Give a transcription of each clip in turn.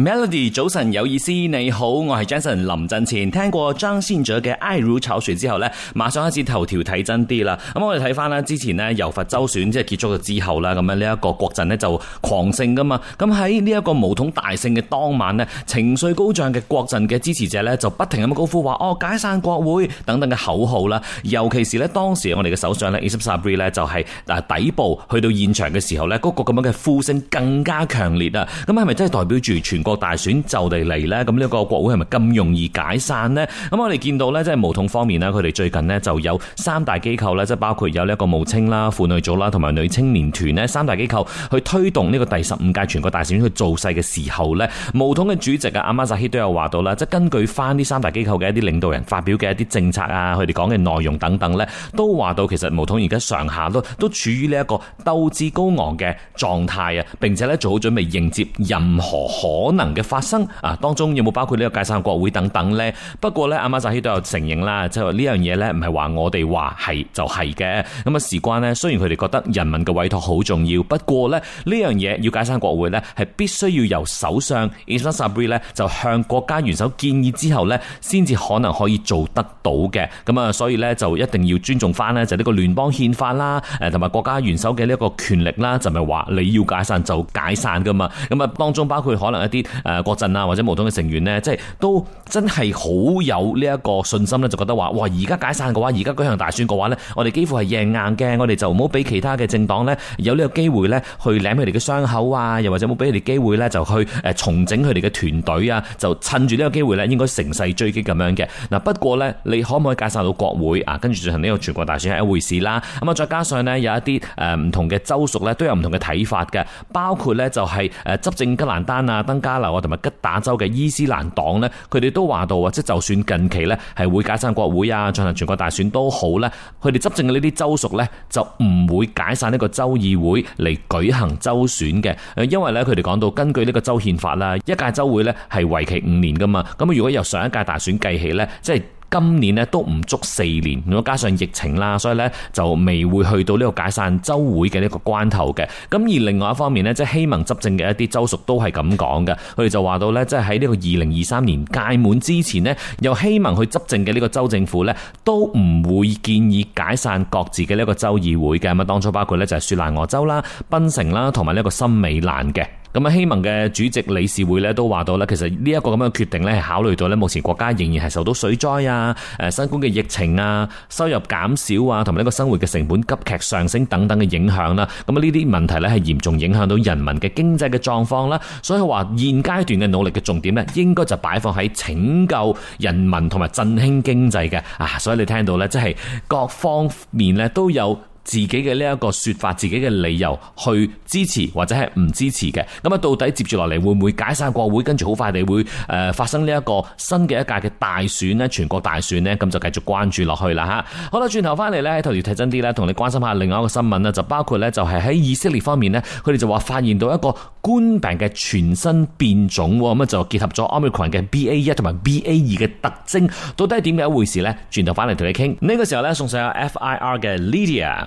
Melody，早晨有意思，你好，我係 Jason。臨陣前聽過張先哲嘅《I Rule》炒船之後呢，馬上開始頭條睇真啲啦。咁我哋睇翻啦，之前呢，柔佛州選，即係結束咗之後啦，咁樣呢一個國陣呢就狂勝噶嘛。咁喺呢一個巫統大勝嘅當晚呢，情緒高漲嘅國陣嘅支持者呢就不停咁高呼話哦、oh, 解散國會等等嘅口號啦。尤其是呢，當時我哋嘅首相呢 Ismail Sabri 呢，Sab ri 就係嗱底部去到現場嘅時候呢嗰，那個咁樣嘅呼聲更加強烈啊。咁係咪真係代表住全？國大選就嚟嚟呢，咁呢個國會係咪咁容易解散呢？咁我哋見到呢，即係巫統方面呢，佢哋最近呢就有三大機構呢，即係包括有呢一個巫青啦、婦女組啦、同埋女青年團呢三大機構去推動呢個第十五屆全國大選去造勢嘅時候呢。巫統嘅主席啊阿末扎希都有話到啦，即係根據翻呢三大機構嘅一啲領導人發表嘅一啲政策啊，佢哋講嘅內容等等呢，都話到其實巫統而家上下都都處於呢一個鬥志高昂嘅狀態啊，並且呢做好準備迎接任何可。能嘅發生啊，當中有冇包括呢個解散國會等等呢？不過呢，阿馬扎希都有承認啦，即係呢樣嘢呢，唔係話我哋話係就係嘅。咁啊，事關呢，雖然佢哋覺得人民嘅委託好重要，不過呢，呢樣嘢要解散國會呢，係必須要由首相 Ismail Sabri 呢就向國家元首建議之後呢，先至可能可以做得到嘅。咁啊，所以呢，就一定要尊重翻呢，就呢個聯邦憲法啦，同埋國家元首嘅呢個權力啦，就唔係話你要解散就解散噶嘛。咁啊，當中包括可能一啲。誒、呃、國陣啊，或者巫統嘅成員呢，即係都真係好有呢一個信心呢，就覺得話：哇！而家解散嘅話，而家舉行大選嘅話呢，我哋幾乎係贏硬嘅，我哋就唔好俾其他嘅政黨呢，有呢個機會呢去舐佢哋嘅傷口啊，又或者冇俾佢哋機會呢就去重整佢哋嘅團隊啊，就趁住呢個機會呢應該乘勢追擊咁樣嘅。嗱，不過呢，你可唔可以解散到國會啊？跟住進行呢個全國大選係一回事啦。咁啊，再加上呢，有一啲唔、呃、同嘅州屬呢，都有唔同嘅睇法嘅，包括呢就係、是、執政吉蘭丹啊、登嘉嗱，同埋吉打州嘅伊斯蘭黨呢，佢哋都話到啊，即就算近期咧係會解散國會啊，進行全國大選都好咧，佢哋執政嘅呢啲州屬呢，就唔會解散呢個州議會嚟舉行州選嘅。因為呢，佢哋講到，根據呢個州憲法啦，一屆州會呢係為期五年噶嘛。咁如果由上一屆大選計起呢，即係。今年呢都唔足四年，咁加上疫情啦，所以呢就未會去到呢個解散州會嘅呢個關頭嘅。咁而另外一方面呢，即係希盟執政嘅一啲州屬都係咁講嘅，佢哋就話到呢，即係喺呢個二零二三年屆滿之前呢，由希盟去執政嘅呢個州政府呢，都唔會建議解散各自嘅呢個州議會嘅。咁啊，當初包括呢就係雪蘭莪州啦、檳城啦，同埋呢個森美蘭嘅。咁啊，希盟嘅主席理事會咧都話到咧，其實呢一個咁樣嘅決定咧，係考慮到咧，目前國家仍然係受到水災啊、誒新冠嘅疫情啊、收入減少啊，同埋呢個生活嘅成本急劇上升等等嘅影響啦。咁啊，呢啲問題咧係嚴重影響到人民嘅經濟嘅狀況啦。所以話現階段嘅努力嘅重點咧，應該就擺放喺拯救人民同埋振興經濟嘅啊。所以你聽到咧，即係各方面咧都有，自己嘅呢一個説法，自己嘅理由去支持或者係唔支持嘅。咁啊，到底接住落嚟會唔會解散國會，跟住好快地會誒、呃、發生呢一個新嘅一屆嘅大選呢，全國大選呢，咁就繼續關注落去啦吓，好啦，轉頭翻嚟喺頭條睇真啲呢，同你關心下另外一個新聞咧，就包括呢，就係喺以色列方面呢，佢哋就話發現到一個冠病嘅全新變種，咁就結合咗 omicron 嘅 B A 一同埋 B A 二嘅特徵，到底係點樣一回事呢？轉頭翻嚟同你傾呢、呢個時候呢，送上 F I R 嘅 Lydia。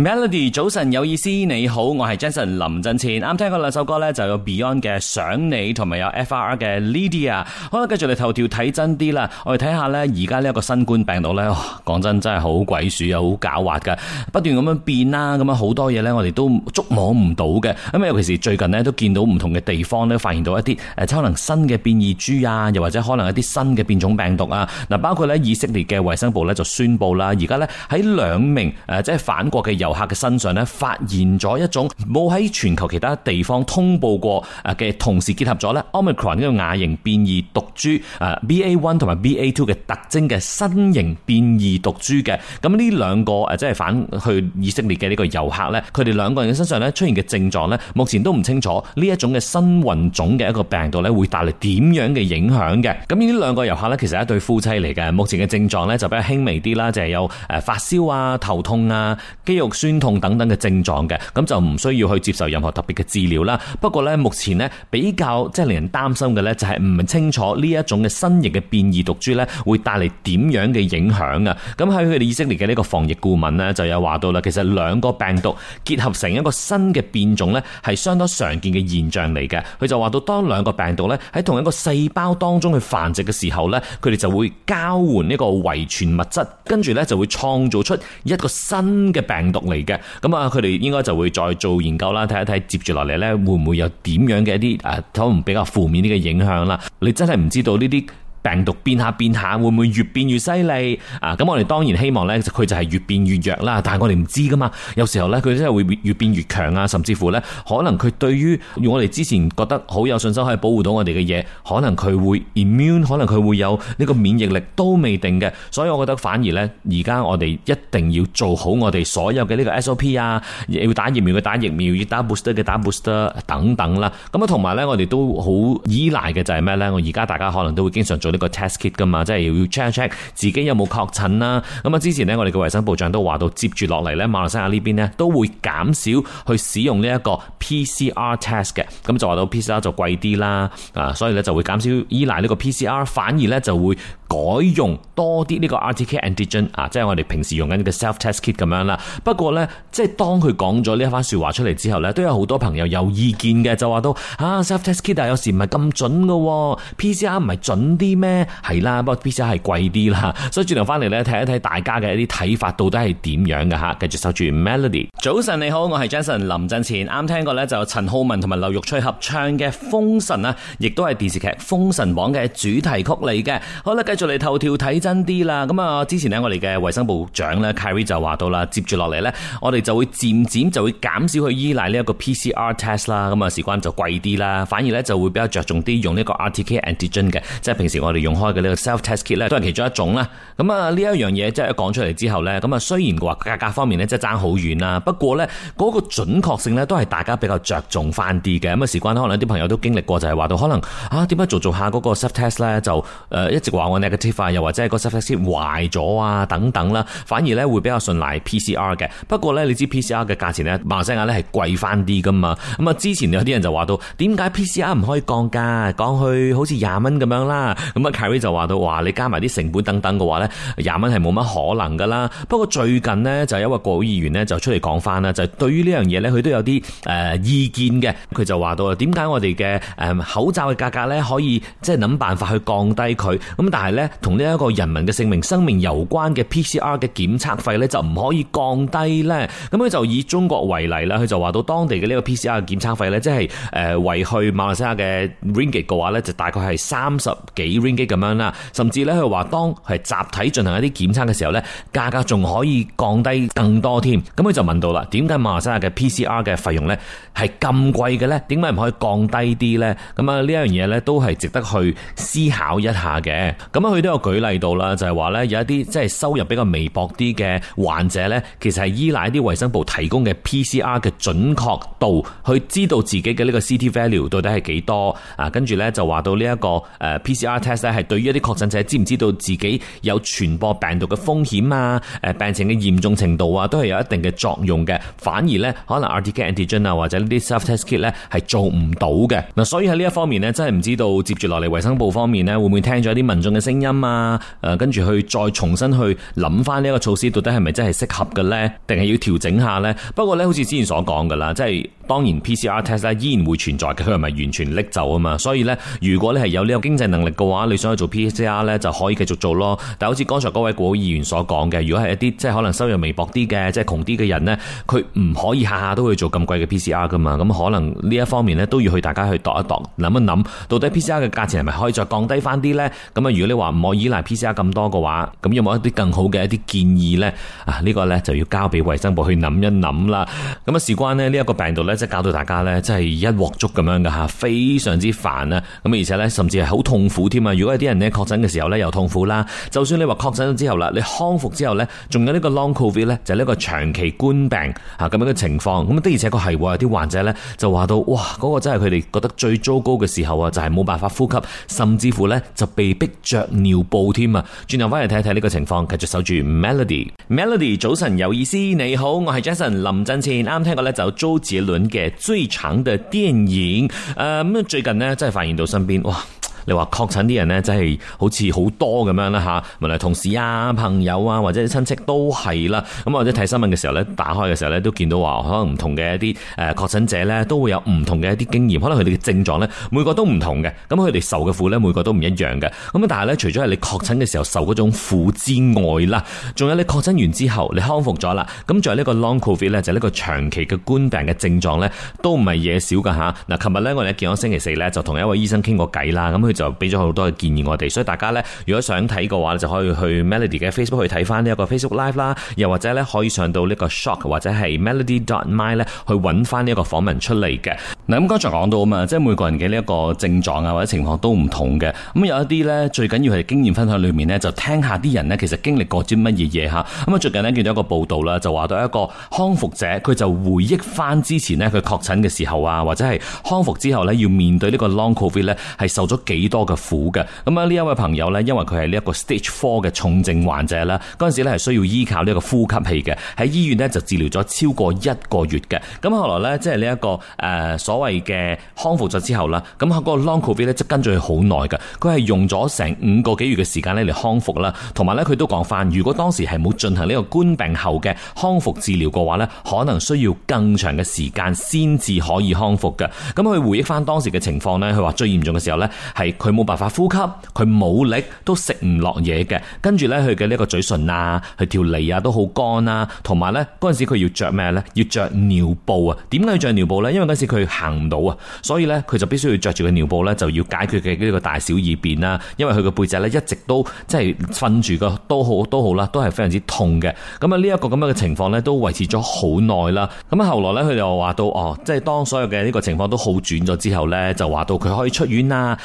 Melody，早晨有意思，你好，我係 Jason 林振前。啱聽過兩首歌咧，就有 Beyond 嘅想你，同埋有 F.R.R 嘅 Lydia。好啦，繼續嚟頭條睇真啲啦。我哋睇下呢，而家呢一個新冠病毒咧，講真真係好鬼鼠又好狡猾噶，不斷咁樣變啦，咁樣好多嘢咧，我哋都捉摸唔到嘅。咁尤其是最近呢，都見到唔同嘅地方咧，發現到一啲誒，可能新嘅變異株啊，又或者可能一啲新嘅變種病毒啊。嗱，包括咧以色列嘅衛生部咧就宣布啦，而家咧喺兩名誒，即係反國嘅人。遊客嘅身上咧，發現咗一種冇喺全球其他地方通報過誒嘅，同時結合咗咧 Omicron 呢個亞型變異毒株誒 BA one 同埋 BA two 嘅特徵嘅新型變異毒株嘅。咁呢兩個誒即係反去以色列嘅呢個遊客咧，佢哋兩個人嘅身上咧出現嘅症狀咧，目前都唔清楚呢一種嘅新菌種嘅一個病毒咧會帶嚟點樣嘅影響嘅。咁呢兩個遊客咧其實係一對夫妻嚟嘅，目前嘅症狀咧就比較輕微啲啦，就係、是、有誒發燒啊、頭痛啊、肌肉。酸痛等等嘅症狀嘅，咁就唔需要去接受任何特別嘅治療啦。不過呢，目前呢比較即係令人擔心嘅呢，就係唔清楚呢一種嘅新型嘅變異毒株呢，會帶嚟點樣嘅影響啊！咁喺佢哋以色列嘅呢個防疫顧問呢，就有話到啦。其實兩個病毒結合成一個新嘅變種呢，係相當常見嘅現象嚟嘅。佢就話到，當兩個病毒呢喺同一個細胞當中去繁殖嘅時候呢，佢哋就會交換呢個遺傳物質，跟住呢就會創造出一個新嘅病毒。嚟嘅，咁啊，佢哋應該就會再做研究啦，睇一睇接住落嚟咧，會唔會有點樣嘅一啲誒，可能比較負面啲嘅影響啦？你真係唔知道呢啲。病毒變下變下，會唔會越變越犀利啊？咁我哋當然希望呢，佢就係越變越弱啦。但係我哋唔知噶嘛，有時候呢，佢真係會越變越強啊，甚至乎呢，可能佢對於我哋之前覺得好有信心可以保護到我哋嘅嘢，可能佢會 immune，可能佢會有呢個免疫力都未定嘅。所以我覺得反而呢，而家我哋一定要做好我哋所有嘅呢個 SOP 啊，要打疫苗嘅打疫苗，要打 booster 嘅打 booster 等等啦。咁啊，同埋呢，我哋都好依賴嘅就係咩呢？我而家大家可能都會經常做。呢個 test kit 噶嘛，即係要 check check 自己有冇確診啦。咁啊，之前呢，我哋嘅衞生部長都話到，接住落嚟呢，馬來西亞呢邊呢，都會減少去使用呢一個 PCR test 嘅。咁就話到 PCR 就貴啲啦，啊，所以呢就會減少依賴呢個 PCR，反而呢就會改用多啲呢個 RTK antigen 啊，即係我哋平時用緊呢個 self test kit 咁樣啦。不過呢，即係當佢講咗呢一番説話出嚟之後呢，都有好多朋友有意見嘅，就話到啊，self test kit 有時唔係咁準嘅，PCR 唔係準啲。咩係啦，不過 B 超係貴啲啦，所以轉頭翻嚟咧睇一睇大家嘅一啲睇法，到底係點樣嘅吓？繼續守住 Melody，早晨你好，我係 Jason。臨陣前啱聽過咧，就陳浩文同埋劉玉翠合唱嘅《封神》啊，亦都係電視劇《封神榜》嘅主題曲嚟嘅。好繼啦，繼續嚟頭條睇真啲啦。咁啊，之前呢，我哋嘅衛生部長咧 Kerry 就話到啦，接住落嚟呢，我哋就會漸漸就會減少去依賴呢一個 PCR test 啦。咁啊，事關就貴啲啦，反而呢就會比較着重啲用呢個 RTK antigen 嘅，即係平時我哋用開嘅呢個 self test kit 咧，都係其中一種啦。咁啊，呢一樣嘢即係一講出嚟之後咧，咁啊，雖然嘅話價格方面咧，即係爭好遠啦。不過咧，嗰個準確性咧，都係大家比較着重翻啲嘅。咁啊，事關可能啲朋友都經歷過就，就係話到可能啊，點解做做下嗰個 self test 咧，就誒、呃、一直話我 negative 啊，又或者係個 self test kit 壞咗啊等等啦。反而咧會比較信賴 PCR 嘅。不過咧，你知 PCR 嘅價錢咧，馬來西亞咧係貴翻啲噶嘛。咁啊，之前有啲人就話到，點解 PCR 唔可以降價，降去好似廿蚊咁樣啦？咁啊 Kerry 就話到，話你加埋啲成本等等嘅話咧，廿蚊係冇乜可能噶啦。不過最近咧就有一位國會議員咧就出嚟講翻啦，就對於呢樣嘢咧佢都有啲誒、呃、意見嘅。佢就話到啊，點解我哋嘅誒口罩嘅價格咧可以即係諗辦法去降低佢？咁但係咧同呢一個人民嘅性命生命攸關嘅 PCR 嘅檢測費咧就唔可以降低咧？咁佢就以中國為例啦，佢就話到當地嘅呢個 PCR 嘅檢測費咧，即係誒為去馬來西亞嘅 Ringgit 嘅話咧，就大概係三十幾 Ring。咁樣啦，甚至咧佢話，當係集體進行一啲檢測嘅時候呢，價格仲可以降低更多添。咁佢就問到啦，點解馬來西亞嘅 PCR 嘅費用呢，係咁貴嘅呢？點解唔可以降低啲呢？」咁啊呢一樣嘢呢，都係值得去思考一下嘅。咁啊佢都有舉例到啦，就係話呢，有一啲即係收入比較微薄啲嘅患者呢，其實係依賴啲衞生部提供嘅 PCR 嘅準確度，去知道自己嘅呢個 CT value 到底係幾多啊？跟住呢，就話到呢一個誒 PCR test。咧，係對於一啲確診者知唔知道自己有傳播病毒嘅風險啊？誒，病情嘅嚴重程度啊，都係有一定嘅作用嘅。反而呢，可能 RTK antigen 啊，或者呢啲 self-test kit 呢，係做唔到嘅。嗱，所以喺呢一方面呢，真係唔知道接住落嚟衛生部方面呢，會唔會聽咗啲民眾嘅聲音啊？誒，跟住去再重新去諗翻呢個措施到底係咪真係適合嘅呢？定係要調整下呢？不過呢，好似之前所講噶啦，即係。當然 PCR test 咧依然會存在嘅，佢係咪完全拎走啊嘛。所以呢，如果你係有呢個經濟能力嘅話，你想去做 PCR 呢，就可以繼續做咯。但好似剛才嗰位古議員所講嘅，如果係一啲即係可能收入微薄啲嘅，即係窮啲嘅人呢，佢唔可以下下都去做咁貴嘅 PCR 噶嘛。咁可能呢一方面呢，都要去大家去度一度，諗一諗，到底 PCR 嘅價錢係咪可以再降低翻啲呢？咁啊，如果你話唔可以依賴 PCR 咁多嘅話，咁有冇一啲更好嘅一啲建議呢？啊，呢、呢個呢，就要交俾衞生部去諗一諗啦。咁啊，事關呢，呢一個病毒呢。即係搞到大家咧，真係一鑊粥咁樣噶吓，非常之煩啊！咁而且咧，甚至係好痛苦添啊！如果有啲人呢，確診嘅時候咧，又痛苦啦。就算你話確診咗之後啦，你康復之後呢，仲有呢個 long covid 呢，id, 就呢個長期冠病吓咁樣嘅情況。咁的而且確係話啲患者呢，就話到哇，嗰、那個真係佢哋覺得最糟糕嘅時候啊，就係、是、冇辦法呼吸，甚至乎呢就被逼着尿布添啊！轉頭翻嚟睇一睇呢個情況，繼續守住 Melody。Melody 早晨有意思，你好，我係 Jason 林振前啱聽過呢，就周子倫嘅最長嘅電影，誒、嗯，咁最近咧，真係發現到身邊，哇！你話確診啲人呢，真係好似好多咁樣啦嚇，無論同事啊、朋友啊，或者啲親戚都係啦。咁或者睇新聞嘅時候呢，打開嘅時候呢，都見到話可能唔同嘅一啲誒確診者呢，都會有唔同嘅一啲經驗。可能佢哋嘅症狀呢，每個都唔同嘅。咁佢哋受嘅苦呢，每個都唔一樣嘅。咁但係呢，除咗係你確診嘅時候受嗰種苦之外啦，仲有你確診完之後，你康復咗啦。咁仲有呢個 Long Covid 呢，id, 就呢個長期嘅冠病嘅症狀呢，都唔係嘢少嘅嚇。嗱，琴日呢，我哋見咗星期四呢，就同一位醫生傾過偈啦。咁就俾咗好多嘅建議我哋，所以大家呢，如果想睇嘅話就可以去 Melody 嘅 Facebook 去睇翻呢一個 Facebook Live 啦，又或者呢可以上到呢個 Shock 或者係 Melody dot my 呢，去揾翻呢一個訪問出嚟嘅。嗱，咁剛才講到啊嘛，即係每個人嘅呢一個症狀啊或者情況都唔同嘅，咁有一啲呢，最緊要係經驗分享裏面呢，就聽下啲人呢其實經歷過啲乜嘢嘢吓，咁啊，最近呢見到一個報導啦，就話到一個康復者，佢就回憶翻之前呢，佢確診嘅時候啊，或者係康復之後呢，要面對個呢個 Long Covid 呢係受咗幾多嘅苦嘅咁啊！呢一位朋友呢，因為佢係呢一個 stage four 嘅重症患者啦，嗰陣時呢係需要依靠呢個呼吸器嘅，喺醫院呢就治療咗超過一個月嘅。咁後來呢，即係呢一個誒、呃、所謂嘅康復咗之後啦，咁、嗰個 long covid 咧，就跟住佢好耐嘅，佢係用咗成五個幾月嘅時間咧嚟康復啦。同埋呢，佢都講翻，如果當時係冇進行呢個冠病後嘅康復治療嘅話呢，可能需要更長嘅時間先至可以康復嘅。咁佢回憶翻當時嘅情況呢，佢話最嚴重嘅時候呢，係。佢冇辦法呼吸，佢冇力都食唔落嘢嘅。跟住呢，佢嘅呢一個嘴唇啊，佢條脷啊都好乾啊。同埋呢，嗰陣時佢要着咩呢？要着尿布啊？點解要着尿布呢？因為嗰陣時佢行唔到啊，所以呢，佢就必須要着住個尿布呢，就要解決佢呢個大小二便啦、啊。因為佢個背脊呢，一直都即係瞓住個都好都好啦，都係非常之痛嘅。咁啊呢一個咁樣嘅情況呢，都維持咗好耐啦。咁啊後來呢，佢就話到哦，即係當所有嘅呢個情況都好轉咗之後呢，就話到佢可以出院啦。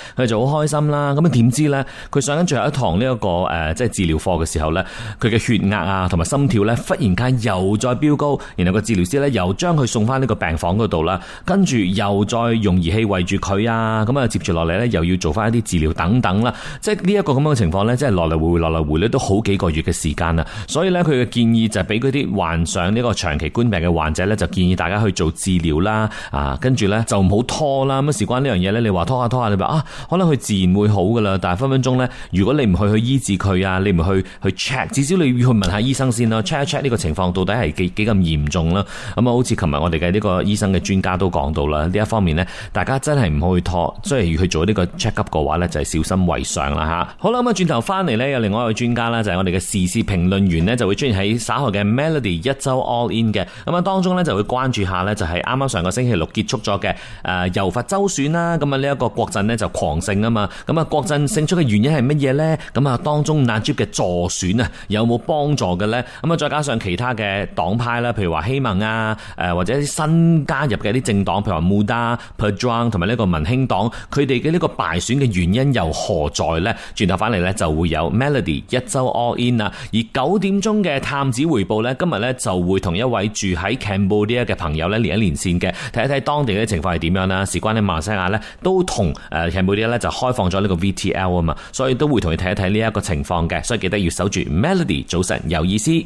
好開心啦！咁啊，點知呢？佢上緊最後一堂呢、這、一個誒、呃，即係治療課嘅時候呢，佢嘅血壓啊，同埋心跳呢忽然間又再飆高，然後個治療師呢又將佢送翻呢個病房嗰度啦，跟住又再用儀器圍住佢啊，咁啊，接住落嚟呢，又要做翻一啲治療等等啦，即係呢一個咁樣嘅情況呢，即係來來回回來來回回咧，都好幾個月嘅時間啦。所以呢，佢嘅建議就係俾佢啲患上呢個長期冠病嘅患者呢，就建議大家去做治療啦，啊，跟住呢，就唔好拖啦。咁啊，事關呢樣嘢呢，你話拖下、啊、拖下，你話啊，啊，可能佢自然會好噶啦，但係分分鐘呢，如果你唔去去醫治佢啊，你唔去去 check，至少你要去問下醫生先啦，check 一 check 呢個情況到底係幾幾咁嚴重啦。咁啊，好似琴日我哋嘅呢個醫生嘅專家都講到啦，呢一方面呢，大家真係唔好去拖，即係要去，去做呢個 check up 嘅話呢，就係、是、小心為上啦吓。好啦，咁啊轉頭翻嚟呢，有另外一位專家啦，就係、是、我哋嘅時事評論員呢，就會出現喺稍後嘅 Melody 一周 All In 嘅咁啊當中呢，就會關注下呢，就係啱啱上個星期六結束咗嘅誒柔佛州選啦，咁啊呢一個國陣咧就狂勝。啊嘛，咁啊，郭振勝出嘅原因係乜嘢呢？咁啊，當中 Najib 嘅助選啊，有冇幫助嘅呢？咁啊，再加上其他嘅黨派啦，譬如話希盟啊，誒或者新加入嘅啲政黨，譬如話穆達、Perdraz 同埋呢個民興黨，佢哋嘅呢個敗選嘅原因又何在呢？轉頭翻嚟呢，就會有 Melody 一周 all in 啊！而九點鐘嘅探子回報呢，今日呢就會同一位住喺 Cambodia 嘅朋友呢連一連線嘅，睇一睇當地嘅情況係點樣啦。事關喺馬來西亞呢，都同誒 Cambodia 咧。就開放咗呢個 VTL 啊嘛，所以都會同你睇一睇呢一個情況嘅，所以記得要守住 melody 早晨有意思。